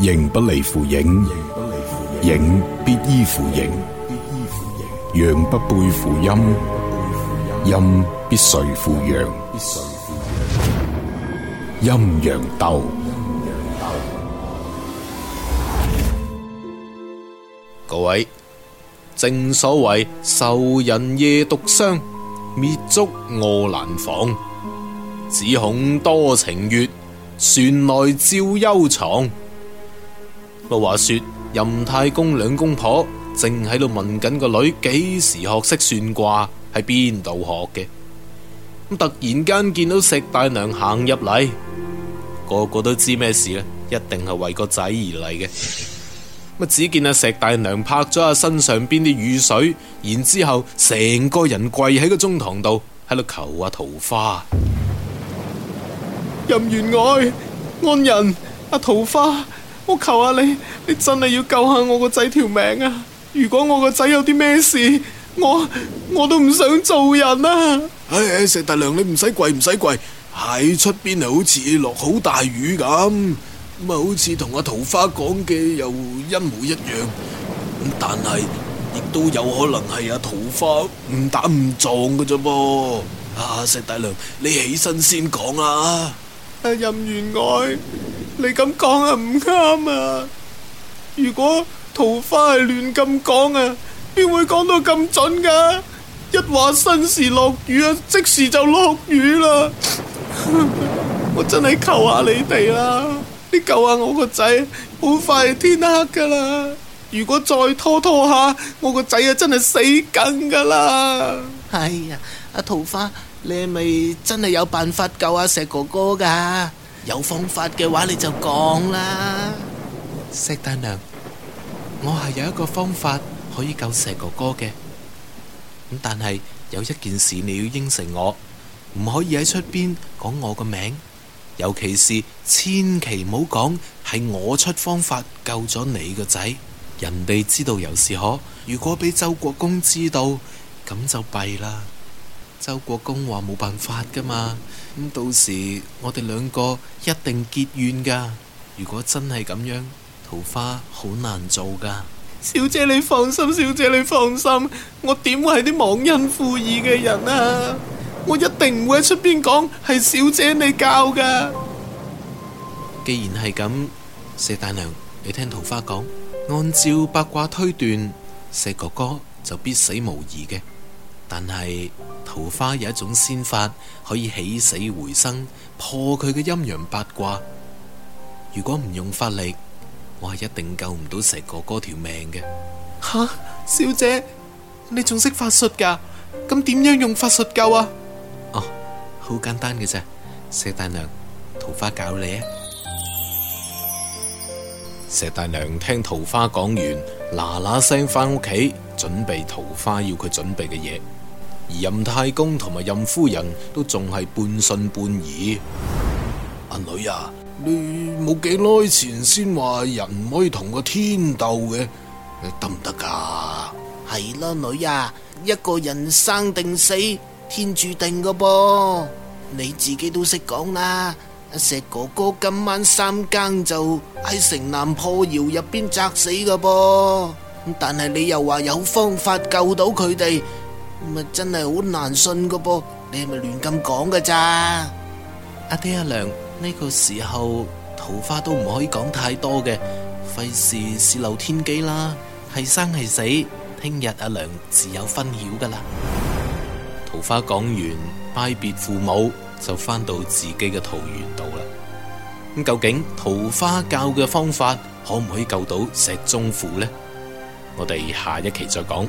形不離乎影，影必依乎形；陽不背乎陰，陰必隨乎陽。陰陽鬥，各位，正所謂愁人夜獨傷，滅燭臥蘭房。只恐多情月，船來照幽藏。話說，任太公兩公婆正喺度問緊個女幾時學識算卦，喺邊度學嘅。突然間見到石大娘行入嚟，個個都知咩事啦，一定係為個仔而嚟嘅。只見阿石大娘拍咗下身上邊啲雨水，然之後成個人跪喺個中堂度，喺度求阿桃花。任員外、安人，阿、啊、桃花。我求下你，你真係要救下我個仔條命啊！如果我個仔有啲咩事，我我都唔想做人啊！唉、哎，唉、哎，石大娘你唔使跪唔使跪，喺出邊係好似落好大雨咁，咁啊好似同阿桃花講嘅又一模一樣。咁但係亦都有可能係阿桃花唔打唔撞嘅啫噃。啊、哎，石大娘你起身先講啊！哎、任員外。你咁講啊唔啱啊！如果桃花係亂咁講啊，邊會講到咁準噶？一話新時落雨啊，即時就落雨啦！ 我真係求下你哋啦，你救下我個仔，好快天黑噶啦！如果再拖拖下，我個仔啊真係死梗噶啦！哎呀，阿桃花，你係咪真係有辦法救下石哥哥噶？有方法嘅話，你就講啦。宋大娘，我係有一個方法可以救石哥哥嘅。咁但係有一件事你要應承我，唔可以喺出邊講我個名，尤其是千祈唔好講係我出方法救咗你個仔。人哋知道又是可，如果俾周國公知道，咁就弊啦。周國公話冇辦法噶嘛，咁到時我哋兩個一定結怨噶。如果真係咁樣，桃花好難做噶。小姐你放心，小姐你放心，我點會係啲忘恩負義嘅人啊？我一定唔會喺出邊講係小姐你教噶。既然係咁，宋大娘，你聽桃花講，按照八卦推斷，石哥哥就必死無疑嘅。但係桃花有一種仙法可以起死回生，破佢嘅陰陽八卦。如果唔用法力，我係一定救唔到石哥哥條命嘅。吓，小姐，你仲識法術噶？咁點樣用法術救啊？哦，好簡單嘅啫。石大娘，桃花教你啊。石大娘聽桃花講完，嗱嗱聲翻屋企，準備桃花要佢準備嘅嘢。而任太公同埋任夫人都仲係半信半疑。阿女啊，你冇幾耐前先話人唔可以同個天鬥嘅，得唔得噶？係啦，女啊，一個人生定死，天注定噶噃，你自己都識講啦。石哥哥今晚三更就喺城南破窯入邊砸死噶噃，但係你又話有方法救到佢哋。咪真係好難信個噃，你係咪亂咁講嘅咋？阿爹阿娘，呢個時候，桃花都唔可以講太多嘅，費事泄漏天機啦。係生係死，聽日阿娘自有分曉噶啦。桃花講完，拜別父母，就翻到自己嘅桃園度啦。咁究竟桃花教嘅方法，可唔可以救到石中輔呢？我哋下一期再講。